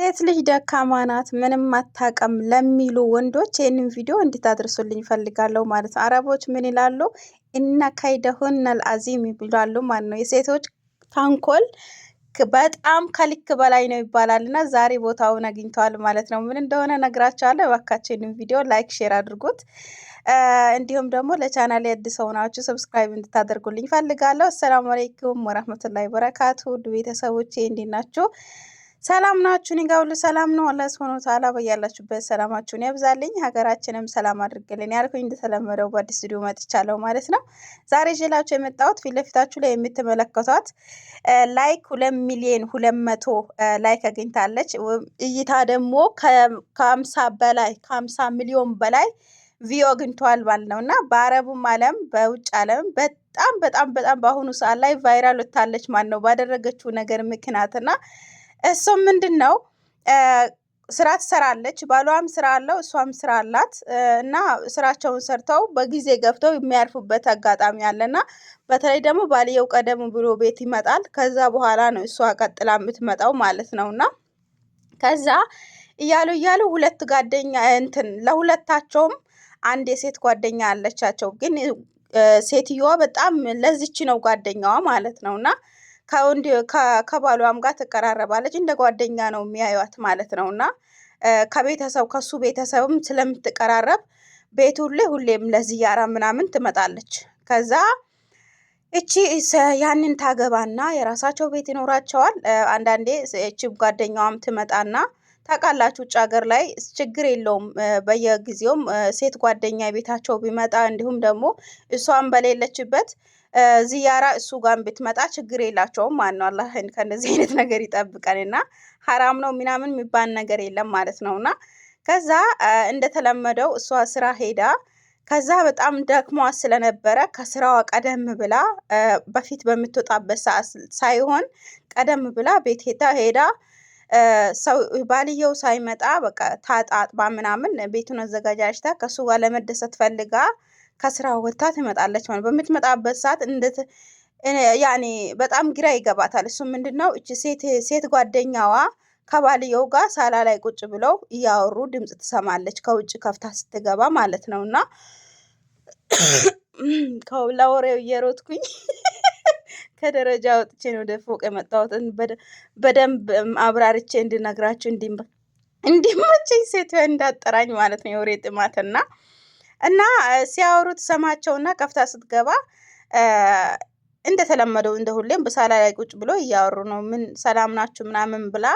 ሴት ልጅ ደካማ ናት ምንም አታውቅም ለሚሉ ወንዶች ይህንን ቪዲዮ እንድታደርሱልኝ ይፈልጋለሁ ማለት ነው። አረቦች ምን ይላሉ? እና ከይደሁን አልአዚም ይላሉ ማለት ነው። የሴቶች ታንኮል በጣም ከልክ በላይ ነው ይባላል እና ዛሬ ቦታውን አግኝተዋል ማለት ነው። ምን እንደሆነ ነግራቸዋለሁ። እባካችንን ቪዲዮ ላይክ፣ ሼር አድርጉት። እንዲሁም ደግሞ ለቻናል አዲስ ሆናችሁ ሰብስክራይብ እንድታደርጉልኝ ፈልጋለሁ። አሰላሙ አለይኩም ወራህመቱላሂ ወበረካቱ ውድ ቤተሰቦቼ እንዴት ናችሁ? ሰላም ናችሁ? እኔ ጋር ሁሉ ሰላም ነው። አላህ ሱብሐነሁ ወተዓላ በያላችሁበት ሰላማችሁን ያብዛልኝ፣ ሀገራችንም ሰላም አድርግልን ያልኩኝ እንደተለመደው በአዲስ ስቱዲዮ መጥቻለሁ ማለት ነው። ዛሬ ይዤላችሁ የመጣሁት ፊት ለፊታችሁ ላይ የምትመለከቷት ላይክ ሁለት ሚሊዮን ሁለት መቶ ላይክ አግኝታለች። እይታ ደግሞ ከአምሳ በላይ ከአምሳ ሚሊዮን በላይ ቪዮ አግኝተዋል ማለት ነው እና በአረቡም ዓለም በውጭ ዓለም በጣም በጣም በጣም በአሁኑ ሰዓት ላይ ቫይራል ወታለች ማለት ነው ባደረገችው ነገር ምክንያት እና እሱም ምንድን ነው ስራ ትሰራለች። ባሏም ስራ አለው፣ እሷም ስራ አላት እና ስራቸውን ሰርተው በጊዜ ገብተው የሚያርፉበት አጋጣሚ አለና በተለይ ደግሞ ባልየው ቀደም ብሎ ቤት ይመጣል። ከዛ በኋላ ነው እሷ ቀጥላ የምትመጣው ማለት ነው እና ከዛ እያሉ እያሉ ሁለት ጓደኛ እንትን ለሁለታቸውም አንድ የሴት ጓደኛ አለቻቸው። ግን ሴትዮዋ በጣም ለዚች ነው ጓደኛዋ ማለት ነው እና ከወንድ ከባሏም ጋር ትቀራረባለች። እንደ ጓደኛ ነው የሚያዩት ማለት ነው እና ከቤተሰብ ከሱ ቤተሰብም ስለምትቀራረብ ቤት ሁሌ ሁሌም ለዚያራ ምናምን ትመጣለች። ከዛ እቺ ያንን ታገባና የራሳቸው ቤት ይኖራቸዋል። አንዳንዴ እቺ ጓደኛዋም ትመጣና ታውቃላችሁ፣ ውጭ ሀገር ላይ ችግር የለውም በየጊዜውም ሴት ጓደኛ ቤታቸው ቢመጣ እንዲሁም ደግሞ እሷም በሌለችበት ዝያራ እሱ ጋር ብትመጣ ችግር የላቸውም። ነው። አላህ ከእንደዚህ አይነት ነገር ይጠብቀን እና ሀራም ነው ምናምን የሚባል ነገር የለም ማለት ነው። እና ከዛ እንደተለመደው እሷ ስራ ሄዳ ከዛ በጣም ደክሟ ስለነበረ ከስራዋ ቀደም ብላ በፊት በምትወጣበት ሰዓት ሳይሆን ቀደም ብላ ቤት ሄዳ ሰው ባልየው ሳይመጣ በቃ ታጣጥባ ምናምን ቤቱን አዘጋጃጅታ ከሱ ጋር ለመደሰት ፈልጋ ከስራ ወጥታ ትመጣለች ማለት በምትመጣበት ሰዓት እንደት ያኔ በጣም ግራ ይገባታል። እሱ ምንድን ነው እቺ ሴት ጓደኛዋ ከባልየው ጋር ሳላ ላይ ቁጭ ብለው እያወሩ ድምፅ ትሰማለች ከውጭ ከፍታ ስትገባ ማለት ነው። እና ለወሬው እየሮጥኩኝ ከደረጃ ወጥቼ ነው ወደ ፎቅ የመጣሁትን በደንብ አብራርቼ እንድነግራችሁ እንዲመችኝ ሴት እንዳጠራኝ ማለት ነው የወሬ ጥማትና እና ሲያወሩት ሰማቸውና ከፍታ ስትገባ እንደተለመደው እንደ ሁሌም በሳላ ላይ ቁጭ ብሎ እያወሩ ነው። ምን ሰላም ናችሁ ምናምን ብላ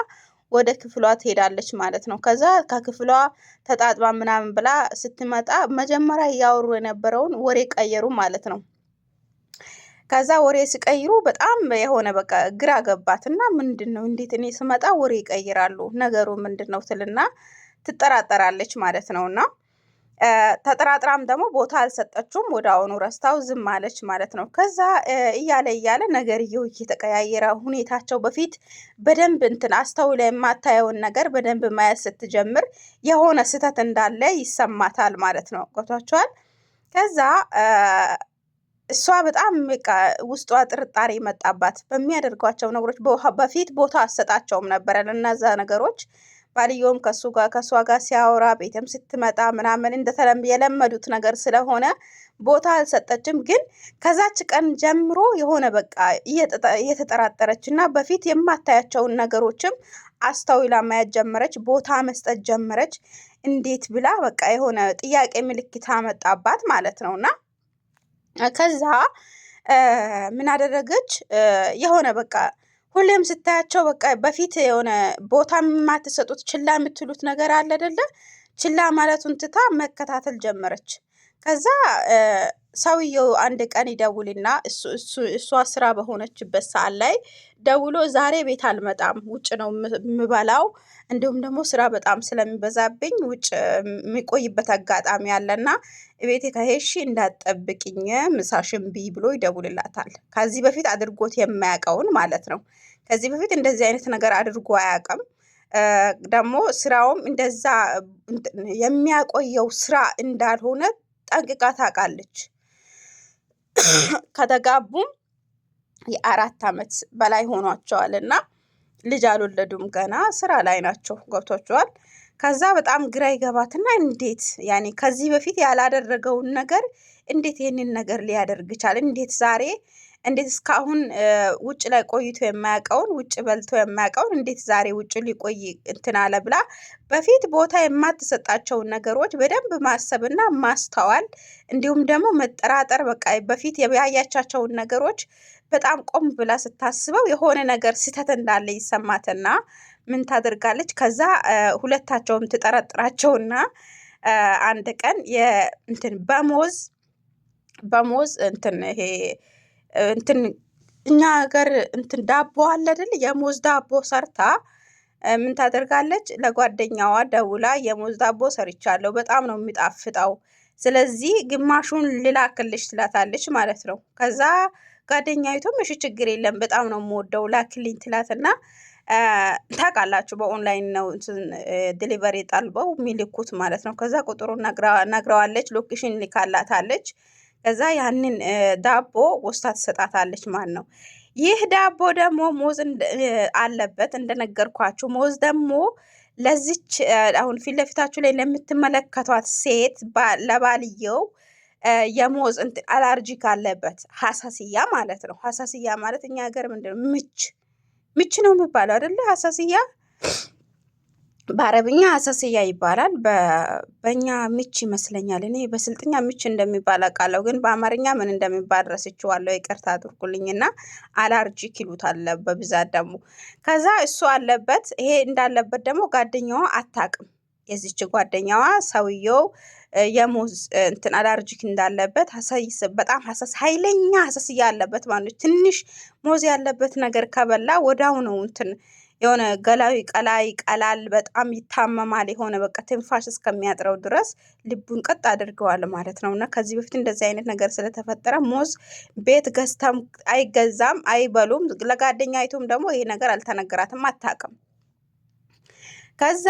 ወደ ክፍሏ ትሄዳለች ማለት ነው። ከዛ ከክፍሏ ተጣጥባ ምናምን ብላ ስትመጣ መጀመሪያ እያወሩ የነበረውን ወሬ ቀየሩ ማለት ነው። ከዛ ወሬ ሲቀይሩ በጣም የሆነ በቃ ግራ ገባት እና ምንድን ነው እንዴት እኔ ስመጣ ወሬ ይቀይራሉ ነገሩ ምንድን ነው ትልና ትጠራጠራለች ማለት ነው እና ተጠራጥራም ደግሞ ቦታ አልሰጠችውም። ወደ አሁኑ ረስታው ዝም አለች ማለት ነው። ከዛ እያለ እያለ ነገርየው እየተቀያየረ ሁኔታቸው በፊት በደንብ እንትን አስተውላ የማታየውን ነገር በደንብ ማየት ስትጀምር የሆነ ስህተት እንዳለ ይሰማታል ማለት ነው። ገብቷችኋል? ከዛ እሷ በጣም ውስጧ ጥርጣሬ መጣባት። በሚያደርጓቸው ነገሮች በፊት ቦታ አሰጣቸውም ነበረ ለእነዛ ነገሮች ባልየውም ከሱ ጋር ከሷ ጋር ሲያወራ ቤትም ስትመጣ ምናምን እንደተለም የለመዱት ነገር ስለሆነ ቦታ አልሰጠችም። ግን ከዛች ቀን ጀምሮ የሆነ በቃ እየተጠራጠረች እና በፊት የማታያቸውን ነገሮችም አስተውላ ማየት ጀመረች፣ ቦታ መስጠት ጀመረች። እንዴት ብላ በቃ የሆነ ጥያቄ ምልክት አመጣባት ማለት ነው እና ከዛ ምን አደረገች የሆነ በቃ ሁሌም ስታያቸው በቃ በፊት የሆነ ቦታ የማትሰጡት ችላ የምትሉት ነገር አለ አይደለ? ችላ ማለቱን ትታ መከታተል ጀመረች። ከዛ ሰውየው አንድ ቀን ይደውልና እሷ ስራ በሆነችበት ሰዓት ላይ ደውሎ ዛሬ ቤት አልመጣም፣ ውጭ ነው የምበላው፣ እንዲሁም ደግሞ ስራ በጣም ስለሚበዛብኝ ውጭ የሚቆይበት አጋጣሚ አለና ቤት ከሄድሽ እንዳትጠብቅኝ ምሳሽን ብይ ብሎ ይደውልላታል። ከዚህ በፊት አድርጎት የማያውቀውን ማለት ነው። ከዚህ በፊት እንደዚህ አይነት ነገር አድርጎ አያውቅም። ደግሞ ስራውም እንደዛ የሚያቆየው ስራ እንዳልሆነ ጠንቅቃ ታውቃለች። ከተጋቡም የአራት ዓመት በላይ ሆኗቸዋል እና ልጅ አልወለዱም ገና ስራ ላይ ናቸው። ገብቷቸዋል። ከዛ በጣም ግራ ይገባትና እንዴት ያኔ ከዚህ በፊት ያላደረገውን ነገር እንዴት ይህንን ነገር ሊያደርግ ይቻል? እንዴት ዛሬ እንዴት እስካሁን ውጭ ላይ ቆይቶ የማያውቀውን ውጭ በልቶ የማያውቀውን እንዴት ዛሬ ውጭ ሊቆይ እንትን አለ ብላ በፊት ቦታ የማትሰጣቸውን ነገሮች በደንብ ማሰብና ማስተዋል እንዲሁም ደግሞ መጠራጠር በቃ በፊት የያያቻቸውን ነገሮች በጣም ቆም ብላ ስታስበው የሆነ ነገር ስህተት እንዳለ ይሰማትና ምን ታደርጋለች? ከዛ ሁለታቸውም ትጠረጥራቸውና አንድ ቀን የእንትን በሞዝ በሞዝ እንትን ይሄ እንትን እኛ ሀገር እንትን ዳቦ አለ አይደል? የሙዝ ዳቦ ሰርታ ምን ታደርጋለች? ለጓደኛዋ ደውላ የሙዝ ዳቦ ሰርቻለሁ፣ በጣም ነው የሚጣፍጠው፣ ስለዚህ ግማሹን ልላክልሽ ትላታለች ማለት ነው። ከዛ ጓደኛይቱም እሺ ችግር የለም በጣም ነው የምወደው ላክልኝ ትላትና ታውቃላችሁ በኦንላይን ነው ዲሊቨሪ ጠልበው የሚልኩት ማለት ነው። ከዛ ቁጥሩ ነግረዋለች፣ ሎኬሽን ልካላታለች። ከዛ ያንን ዳቦ ወስታ ትሰጣታለች ማለት ነው። ይህ ዳቦ ደግሞ ሙዝ አለበት እንደነገርኳችሁ። ሙዝ ደግሞ ለዚች አሁን ፊት ለፊታችሁ ላይ ለምትመለከቷት ሴት ለባልየው የሙዝ አላርጂክ አለበት፣ ሀሳስያ ማለት ነው። ሀሳስያ ማለት እኛ ሀገር ምንድነው ምች ምች ነው የሚባለው አይደለ? ሀሳስያ በአረብኛ አሰስያ ይባላል። በኛ ምች ይመስለኛል። እኔ በስልጥኛ ምች እንደሚባል አውቃለሁ፣ ግን በአማርኛ ምን እንደሚባል ረስቼዋለሁ። ይቅርታ አድርጉልኝና አላርጂክ ይሉታል በብዛት ደግሞ። ከዛ እሱ አለበት። ይሄ እንዳለበት ደግሞ ጓደኛዋ አታውቅም። የዚች ጓደኛዋ ሰውየው የሙዝ እንትን አላርጂክ እንዳለበት በጣም ሀሰስ ኃይለኛ ሀሰስ አለበት ማለት ትንሽ ሙዝ ያለበት ነገር ከበላ ወዳው ነው እንትን የሆነ ገላዊ ቀላይ ቀላል በጣም ይታመማል። የሆነ በቃ ትንፋሽ እስከሚያጥረው ድረስ ልቡን ቀጥ አድርገዋል ማለት ነው። እና ከዚህ በፊት እንደዚህ አይነት ነገር ስለተፈጠረ ሙዝ ቤት ገዝተም አይገዛም፣ አይበሉም። ለጓደኛይቱም ደግሞ ይሄ ነገር አልተነገራትም፣ አታውቅም። ከዛ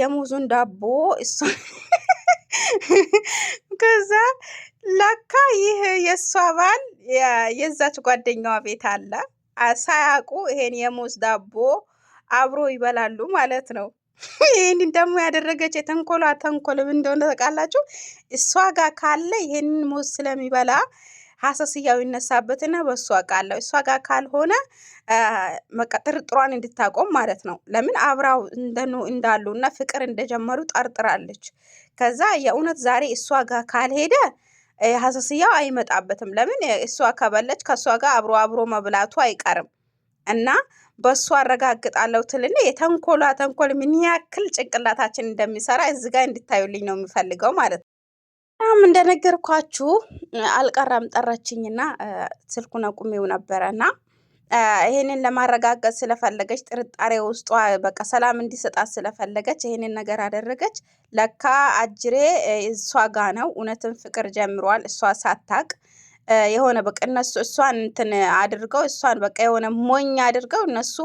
የሙዙን ዳቦ እሱ ከዛ ለካ ይህ የእሷ ባል የዛች ጓደኛዋ ቤት አለ ሳያውቁ ይሄን የሙዝ ዳቦ አብሮ ይበላሉ ማለት ነው። ይህንን ደግሞ ያደረገች የተንኮሏ ተንኮል እንደሆነ ታውቃላችሁ። እሷ ጋር ካለ ይህንን ሙዝ ስለሚበላ ሀሰስያው ይነሳበትና በእሷ ቃለው እሷ ጋር ካልሆነ ጥርጥሯን እንድታቆም ማለት ነው። ለምን አብራው እንዳሉ እና ፍቅር እንደጀመሩ ጠርጥራለች። ከዛ የእውነት ዛሬ እሷ ጋር ካልሄደ ሀሰስያው አይመጣበትም። ለምን እሷ ከበለች ከእሷ ጋር አብሮ አብሮ መብላቱ አይቀርም እና በሱ አረጋግጣለሁ ትልና የተንኮሏ ተንኮል ምን ያክል ጭንቅላታችን እንደሚሰራ እዚ ጋር እንድታዩልኝ ነው የሚፈልገው ማለት ነው። በጣም እንደነገርኳችሁ አልቀረም ጠራችኝና ስልኩን አቁሜው ነበረና ይህንን ለማረጋገጥ ስለፈለገች ጥርጣሬ ውስጧ በቃ ሰላም እንዲሰጣት ስለፈለገች ይህንን ነገር አደረገች። ለካ አጅሬ እሷ ጋ ነው እውነትን ፍቅር ጀምሯል እሷ ሳታቅ የሆነ በቃ እነሱ እሷን እንትን አድርገው እሷን በቃ የሆነ ሞኝ አድርገው እነሱ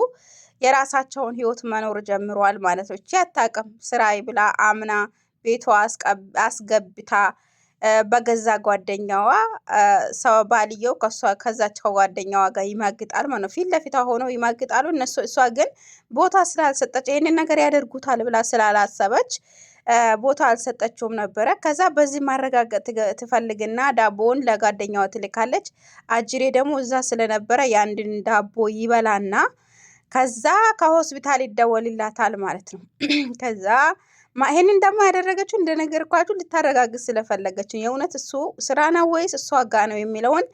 የራሳቸውን ህይወት መኖር ጀምረዋል ማለት ነው። እቺ አታውቅም ስራዬ ብላ አምና ቤቷ አስገብታ በገዛ ጓደኛዋ ሰው ባልየው ከሷ ከዛች ከጓደኛዋ ጋር ይማግጣል ማለት ነው። ፊት ለፊቷ ሆነው ይማግጣሉ እነሱ። እሷ ግን ቦታ ስላልሰጠች ይህንን ነገር ያደርጉታል ብላ ስላላሰበች ቦታ አልሰጠችውም ነበረ። ከዛ በዚህ ማረጋገጥ ትፈልግና ዳቦውን ለጓደኛዋ ትልካለች። አጅሬ ደግሞ እዛ ስለነበረ የአንድን ዳቦ ይበላና ከዛ ከሆስፒታል ይደወልላታል ማለት ነው። ከዛ ይህንን ደግሞ ያደረገችው እንደነገርኳችሁ ልታረጋግጥ ስለፈለገችው የእውነት እሱ ስራ ነው ወይስ እሷ ጋ ነው የሚለውን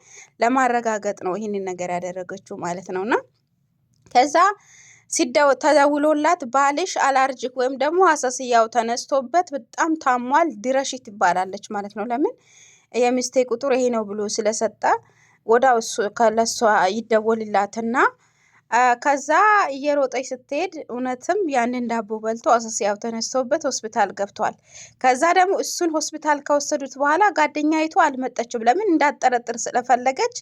ለማረጋገጥ ነው ይህንን ነገር ያደረገችው ማለት ነውና ከዛ ተደውሎላት ባልሽ አላርጂክ ወይም ደግሞ አሳስያው ተነስቶበት በጣም ታሟል ድረሽ ትባላለች ማለት ነው። ለምን የሚስቴ ቁጥር ይሄ ነው ብሎ ስለሰጠ ወዳው ከለሷ ይደወልላትና ከዛ እየሮጠች ስትሄድ እውነትም ያንን ዳቦ በልቶ አሳስያው ተነስቶበት ሆስፒታል ገብቷል። ከዛ ደግሞ እሱን ሆስፒታል ከወሰዱት በኋላ ጓደኛይቱ አልመጠችም። ለምን እንዳጠረጥር ስለፈለገች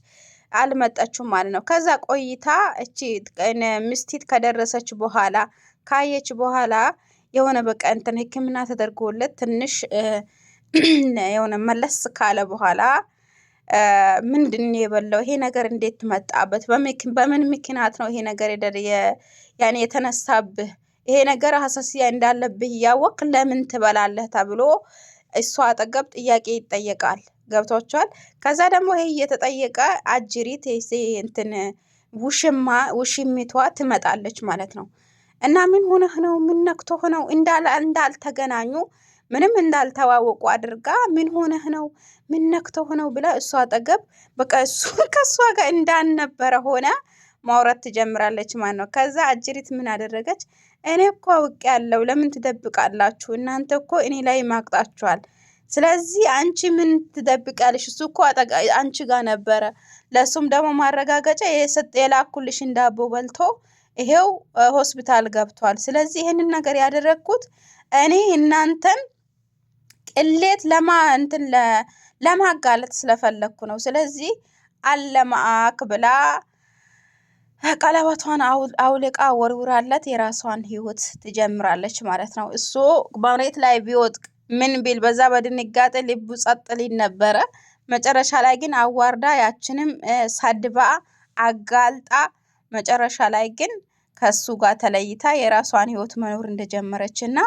አልመጣችሁም ማለት ነው። ከዛ ቆይታ እቺ ምስቲት ከደረሰች በኋላ ካየች በኋላ የሆነ በቃ እንትን ሕክምና ተደርጎለት ትንሽ የሆነ መለስ ካለ በኋላ ምንድን የበላው ይሄ ነገር እንዴት መጣበት? በምን ምክንያት ነው ይሄ ነገር ያኔ የተነሳብህ? ይሄ ነገር ሀሰስያ እንዳለብህ እያወቅ ለምን ትበላለህ ተብሎ እሷ አጠገብ ጥያቄ ይጠየቃል። ገብቷቸዋል። ከዛ ደግሞ ይሄ እየተጠየቀ አጅሪት እንትን ውሽማ ውሽሚቷ ትመጣለች ማለት ነው። እና ምን ሆነህ ነው? ምን ነክቶህ ነው? እንዳልተገናኙ ምንም እንዳልተዋወቁ አድርጋ ምን ሆነህ ነው? ምን ነክቶህ ነው ብላ እሷ አጠገብ በቃ እሱ ከእሷ ጋር እንዳልነበረ ሆነ ማውራት ትጀምራለች ማለት ነው። ከዛ አጅሪት ምን አደረገች? እኔ እኮ አውቄ ያለው ለምን ትደብቃላችሁ? እናንተ እኮ እኔ ላይ ማቅጣችኋል ስለዚህ አንቺ ምን ትደብቃለሽ? እሱ እኮ አንቺ ጋር ነበረ። ለእሱም ደግሞ ማረጋገጫ የላኩልሽ እንዳቦ በልቶ ይሄው ሆስፒታል ገብቷል። ስለዚህ ይህንን ነገር ያደረግኩት እኔ እናንተን ቅሌት ለማ እንትን ለማጋለጥ ስለፈለግኩ ነው። ስለዚህ አለማአክ ብላ ቀለበቷን አውልቃ ወርውራለት የራሷን ህይወት ትጀምራለች ማለት ነው። እሱ መሬት ላይ ቢወጥቅ ምን ቢል በዛ በድንጋጤ ልቡ ጸጥ ሊል ነበረ። መጨረሻ ላይ ግን አዋርዳ ያችንም ሰድባ አጋልጣ መጨረሻ ላይ ግን ከሱ ጋር ተለይታ የራሷን ህይወት መኖር እንደጀመረች እና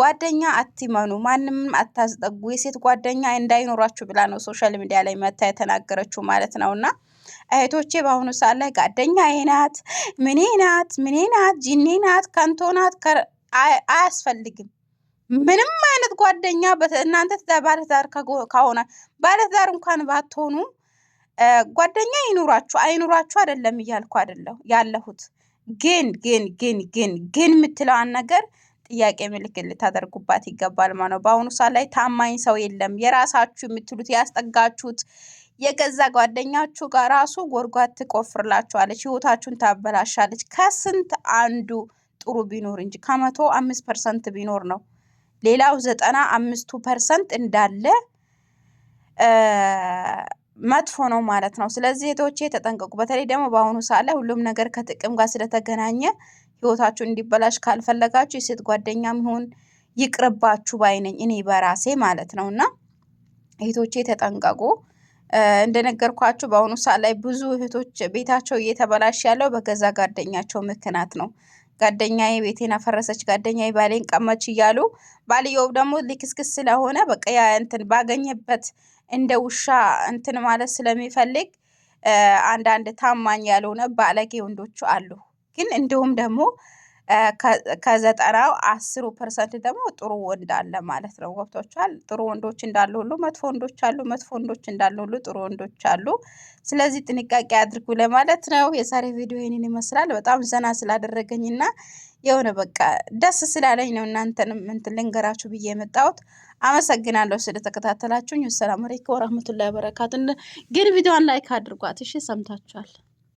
ጓደኛ አትመኑ፣ ማንም አታስጠጉ፣ የሴት ጓደኛ እንዳይኖራችሁ ብላ ነው ሶሻል ሚዲያ ላይ መታ የተናገረችው ማለት ነው። እና እህቶቼ በአሁኑ ሰዓት ላይ ጓደኛ ናት፣ ምኔ ናት፣ ምኔ ናት፣ ጂኔ ናት፣ ከንቶ ናት፣ አያስፈልግም። ምንም አይነት ጓደኛ እናንተ ባለትዳር ከሆነ ባለትዳር እንኳን ባትሆኑ ጓደኛ ይኑራችሁ አይኑራችሁ አይደለም እያልኩ አይደለሁ ያለሁት። ግን ግን ግን ግን ግን የምትለዋን ነገር ጥያቄ ምልክት ልታደርጉባት ይገባል ማለት ነው። በአሁኑ ሰዓት ላይ ታማኝ ሰው የለም። የራሳችሁ የምትሉት ያስጠጋችሁት የገዛ ጓደኛችሁ ጋር ራሱ ጎድጓድ ትቆፍርላችኋለች፣ ህይወታችሁን ታበላሻለች። ከስንት አንዱ ጥሩ ቢኖር እንጂ ከመቶ አምስት ፐርሰንት ቢኖር ነው ሌላው ዘጠና አምስቱ ፐርሰንት እንዳለ መጥፎ ነው ማለት ነው። ስለዚህ እህቶቼ ተጠንቀቁ። በተለይ ደግሞ በአሁኑ ሰዓት ላይ ሁሉም ነገር ከጥቅም ጋር ስለተገናኘ ህይወታችሁ እንዲበላሽ ካልፈለጋችሁ የሴት ጓደኛ ይሁን ይቅርባችሁ ባይነኝ እኔ በራሴ ማለት ነው። እና እህቶቼ ተጠንቀቁ። እንደነገርኳችሁ በአሁኑ ሰዓት ላይ ብዙ እህቶች ቤታቸው እየተበላሽ ያለው በገዛ ጓደኛቸው ምክንያት ነው። ጓደኛዬ ቤቴን አፈረሰች፣ ጓደኛዬ ባሌን ቀመች እያሉ ባልየው ደግሞ ልክስክስ ስለሆነ በቃ ያ እንትን ባገኘበት እንደ ውሻ እንትን ማለት ስለሚፈልግ አንዳንድ ታማኝ ያልሆነ ባለጌ ወንዶቹ አሉ። ግን እንዲሁም ደግሞ ከዘጠናው አስሩ ፐርሰንት ደግሞ ጥሩ ወንድ አለ ማለት ነው። ገብቷችኋል? ጥሩ ወንዶች እንዳሉ ሁሉ መጥፎ ወንዶች አሉ፣ መጥፎ ወንዶች እንዳሉ ሁሉ ጥሩ ወንዶች አሉ። ስለዚህ ጥንቃቄ አድርጉ ለማለት ነው። የዛሬ ቪዲዮ ይህንን ይመስላል። በጣም ዘና ስላደረገኝ እና የሆነ በቃ ደስ ስላለኝ ነው እናንተን ምንት ልንገራችሁ ብዬ የመጣሁት። አመሰግናለሁ ስለተከታተላችሁኝ። ሰላም አለይኩም ወራህመቱላሂ ወበረካቱ። ግን ቪዲዮዋን ላይክ አድርጓት። እሺ ሰምታችኋል።